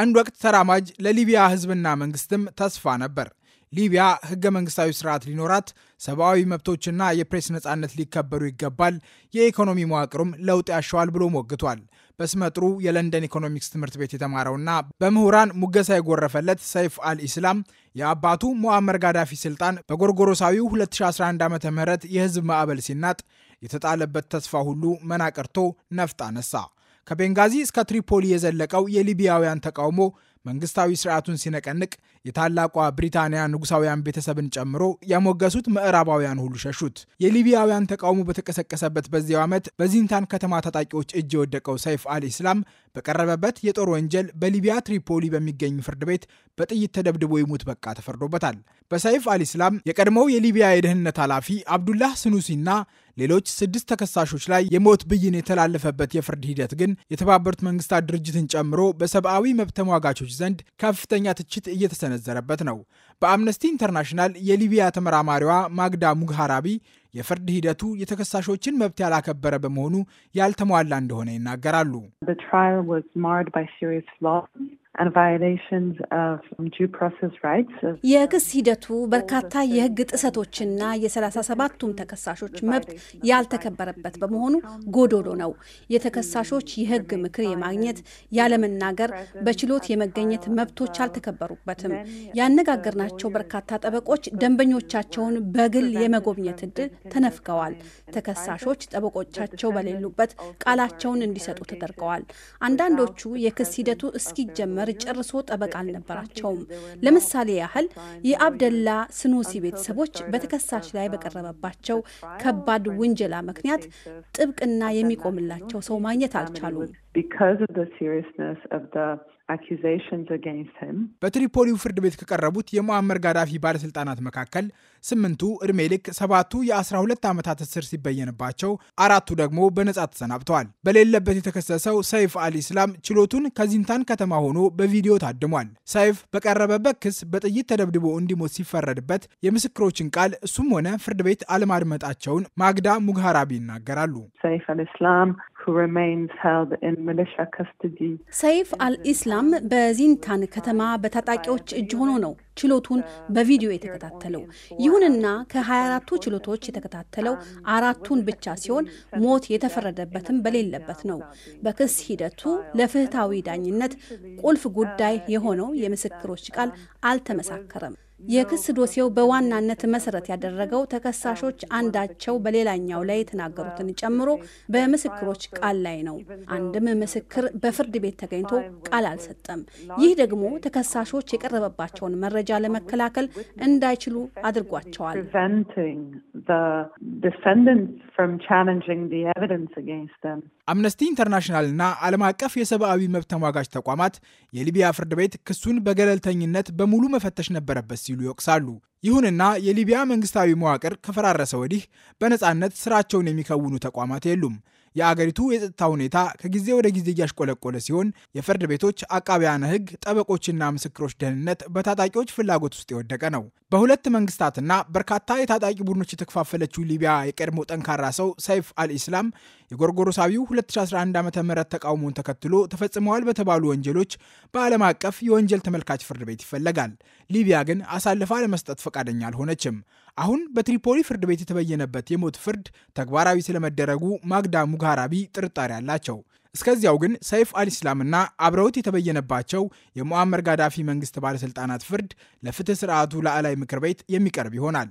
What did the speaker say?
አንድ ወቅት ተራማጅ ለሊቢያ ህዝብና መንግስትም ተስፋ ነበር። ሊቢያ ህገ መንግስታዊ ስርዓት ሊኖራት፣ ሰብአዊ መብቶችና የፕሬስ ነጻነት ሊከበሩ ይገባል፣ የኢኮኖሚ መዋቅሩም ለውጥ ያሸዋል ብሎ ሞግቷል። በስመጥሩ የለንደን ኢኮኖሚክስ ትምህርት ቤት የተማረውና በምሁራን ሙገሳ የጎረፈለት ሰይፍ አልኢስላም የአባቱ ሙአመር ጋዳፊ ስልጣን በጎርጎሮሳዊው 2011 ዓ ም የህዝብ ማዕበል ሲናጥ የተጣለበት ተስፋ ሁሉ መና ነፍጥ አነሳ። ከቤንጋዚ እስከ ትሪፖሊ የዘለቀው የሊቢያውያን ተቃውሞ መንግስታዊ ስርዓቱን ሲነቀንቅ የታላቋ ብሪታንያ ንጉሳውያን ቤተሰብን ጨምሮ ያሞገሱት ምዕራባውያን ሁሉ ሸሹት። የሊቢያውያን ተቃውሞ በተቀሰቀሰበት በዚያው ዓመት በዚንታን ከተማ ታጣቂዎች እጅ የወደቀው ሰይፍ አል ኢስላም በቀረበበት የጦር ወንጀል በሊቢያ ትሪፖሊ በሚገኝ ፍርድ ቤት በጥይት ተደብድቦ ይሙት በቃ ተፈርዶበታል። በሰይፍ አልኢስላም የቀድሞው የሊቢያ የደህንነት ኃላፊ አብዱላህ ስኑሲና ሌሎች ስድስት ተከሳሾች ላይ የሞት ብይን የተላለፈበት የፍርድ ሂደት ግን የተባበሩት መንግስታት ድርጅትን ጨምሮ በሰብአዊ መብት ተሟጋቾች ዘንድ ከፍተኛ ትችት እየተሰነዘረበት ነው። በአምነስቲ ኢንተርናሽናል የሊቢያ ተመራማሪዋ ማግዳ ሙግሃራቢ የፍርድ ሂደቱ የተከሳሾችን መብት ያላከበረ በመሆኑ ያልተሟላ እንደሆነ ይናገራሉ። Uh, የክስ ሂደቱ በርካታ የህግ ጥሰቶችና የሰላሳ ሰባቱም ተከሳሾች መብት ያልተከበረበት በመሆኑ ጎዶሎ ነው። የተከሳሾች የህግ ምክር የማግኘት ያለመናገር፣ በችሎት የመገኘት መብቶች አልተከበሩበትም። ያነጋገርናቸው በርካታ ጠበቆች ደንበኞቻቸውን በግል የመጎብኘት እድል ተነፍገዋል። ተከሳሾች ጠበቆቻቸው በሌሉበት ቃላቸውን እንዲሰጡ ተደርገዋል። አንዳንዶቹ የክስ ሂደቱ እስኪጀመር ነበር። ጨርሶ ጠበቃ አልነበራቸውም። ለምሳሌ ያህል የአብደላ ስኑሲ ቤተሰቦች በተከሳሽ ላይ በቀረበባቸው ከባድ ውንጀላ ምክንያት ጥብቅና የሚቆምላቸው ሰው ማግኘት አልቻሉም። በትሪፖሊው ፍርድ ቤት ከቀረቡት የሙአመር ጋዳፊ ባለስልጣናት መካከል ስምንቱ ዕድሜ ልክ፣ ሰባቱ የ12 ዓመታት እስር ሲበየንባቸው፣ አራቱ ደግሞ በነጻ ተሰናብተዋል። በሌለበት የተከሰሰው ሰይፍ አልኢስላም ችሎቱን ከዚንታን ከተማ ሆኖ በቪዲዮ ታድሟል። ሰይፍ በቀረበበት ክስ በጥይት ተደብድቦ እንዲሞት ሲፈረድበት የምስክሮችን ቃል እሱም ሆነ ፍርድ ቤት አለማድመጣቸውን ማግዳ ሙግሃራቢ ይናገራሉ። ሰይፍ አልኢስላም ሰይፍ አልኢስላም በዚንታን ከተማ በታጣቂዎች እጅ ሆኖ ነው ችሎቱን በቪዲዮ የተከታተለው። ይሁንና ከ24ቱ ችሎቶች የተከታተለው አራቱን ብቻ ሲሆን ሞት የተፈረደበትም በሌለበት ነው። በክስ ሂደቱ ለፍትሐዊ ዳኝነት ቁልፍ ጉዳይ የሆነው የምስክሮች ቃል አልተመሳከረም። የክስ ዶሴው በዋናነት መሰረት ያደረገው ተከሳሾች አንዳቸው በሌላኛው ላይ የተናገሩትን ጨምሮ በምስክሮች ቃል ላይ ነው። አንድም ምስክር በፍርድ ቤት ተገኝቶ ቃል አልሰጠም። ይህ ደግሞ ተከሳሾች የቀረበባቸውን መረጃ ለመከላከል እንዳይችሉ አድርጓቸዋል። አምነስቲ ኢንተርናሽናል እና ዓለም አቀፍ የሰብአዊ መብት ተሟጋች ተቋማት የሊቢያ ፍርድ ቤት ክሱን በገለልተኝነት በሙሉ መፈተሽ ነበረበት ሲሉ ሲሉ ይወቅሳሉ። ይሁንና የሊቢያ መንግስታዊ መዋቅር ከፈራረሰ ወዲህ በነፃነት ስራቸውን የሚከውኑ ተቋማት የሉም። የአገሪቱ የጸጥታ ሁኔታ ከጊዜ ወደ ጊዜ እያሽቆለቆለ ሲሆን የፍርድ ቤቶች፣ አቃቢያነ ህግ፣ ጠበቆችና ምስክሮች ደህንነት በታጣቂዎች ፍላጎት ውስጥ የወደቀ ነው። በሁለት መንግስታትና በርካታ የታጣቂ ቡድኖች የተከፋፈለችው ሊቢያ የቀድሞ ጠንካራ ሰው ሰይፍ አልኢስላም የጎርጎሮሳቢው 2011 ዓ ም ተቃውሞን ተከትሎ ተፈጽመዋል በተባሉ ወንጀሎች በዓለም አቀፍ የወንጀል ተመልካች ፍርድ ቤት ይፈለጋል። ሊቢያ ግን አሳልፋ ለመስጠት ፈቃደኛ አልሆነችም። አሁን በትሪፖሊ ፍርድ ቤት የተበየነበት የሞት ፍርድ ተግባራዊ ስለመደረጉ ማግዳ ሙጋራቢ ጥርጣሬ አላቸው። እስከዚያው ግን ሰይፍ አልኢስላምና አብረውት የተበየነባቸው የሙአመር ጋዳፊ መንግስት ባለሥልጣናት ፍርድ ለፍትህ ስርዓቱ ላዕላይ ምክር ቤት የሚቀርብ ይሆናል።